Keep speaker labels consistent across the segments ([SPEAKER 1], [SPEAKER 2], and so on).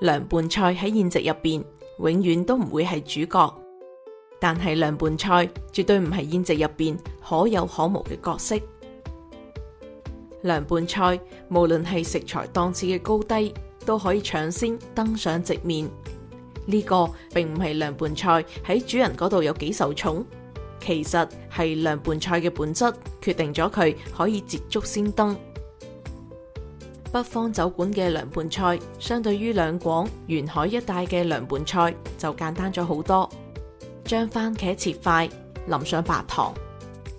[SPEAKER 1] 涼拌菜喺宴席入邊永遠都唔會係主角，但係涼拌菜絕對唔係宴席入邊可有可無嘅角色。涼拌菜無論係食材檔次嘅高低，都可以搶先登上席面。呢個並唔係涼拌菜喺主人嗰度有幾受寵，其實係涼拌菜嘅本質決定咗佢可以捷足先登。北方酒館嘅涼拌菜，相對於兩廣、沿海一帶嘅涼拌菜就簡單咗好多。將番茄切塊，淋上白糖；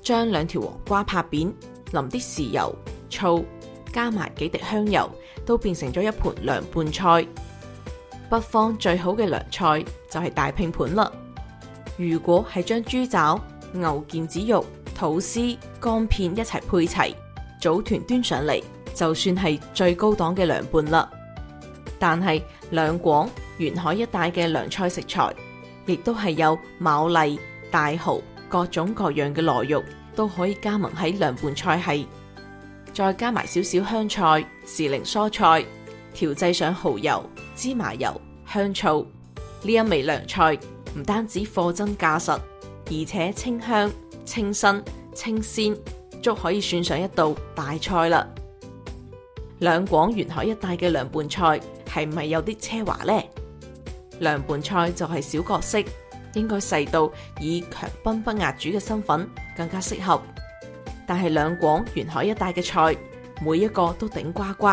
[SPEAKER 1] 將兩條黃瓜拍扁，淋啲豉油、醋，加埋幾滴香油，都變成咗一盤涼拌菜。北方最好嘅涼菜就係、是、大拼盤啦。如果係將肘花、牛腱子肉、肚絲、肝片一齊配齊，組團端上嚟。就算係最高檔嘅涼拌啦，但係兩廣沿海一帶嘅涼菜食材，亦都係有牡蠣、大蠔各種各樣嘅螺肉，都可以加盟喺涼拌菜系。再加埋少少香菜、時令蔬菜，調製上蠔油、芝麻油、香醋，呢一味涼菜唔單止貨真價實，而且清香、清新、清鮮，足可以算上一道大菜啦。兩廣沿海一帶嘅涼拌菜係咪有啲奢華呢？涼拌菜就係小角色，應該細到以強賓不壓主嘅身份更加適合。但係兩廣沿海一帶嘅菜每一個都頂呱呱，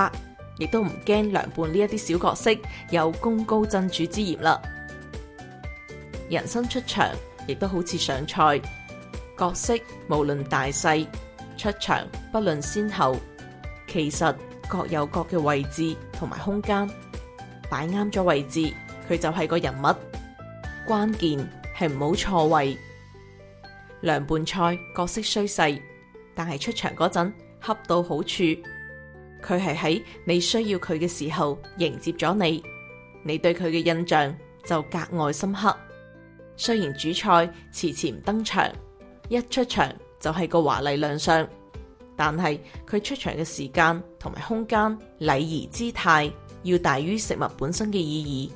[SPEAKER 1] 亦都唔驚涼拌呢一啲小角色有功高震主之嫌啦。人生出場亦都好似上菜，角色無論大細，出場不論先後，其實，各有各嘅位置同埋空間，擺啱咗位置，佢就係個人物。關鍵係唔好錯位。涼拌菜角色雖細，但係出場嗰陣恰到好處，佢係喺你需要佢嘅時候迎接咗你，你對佢嘅印象就格外深刻。雖然主菜遲遲唔登場，一出場就係個華麗亮相。但係佢出場嘅時間同埋空間、禮儀姿態，要大於食物本身嘅意義。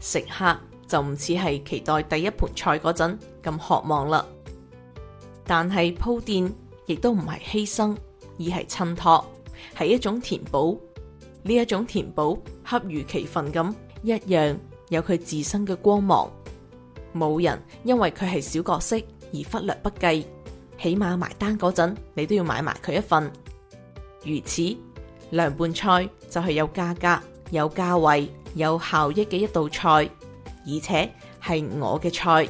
[SPEAKER 1] 食客就唔似係期待第一盤菜嗰陣咁渴望啦。但係鋪墊亦都唔係犧牲，而係襯托，係一種填補。呢一種填補恰如其分咁，一樣有佢自身嘅光芒。冇人因為佢係小角色而忽略不計。起碼埋單嗰陣，你都要買埋佢一份。如此，涼拌菜就係有價格、有價位、有效益嘅一道菜，而且係我嘅菜。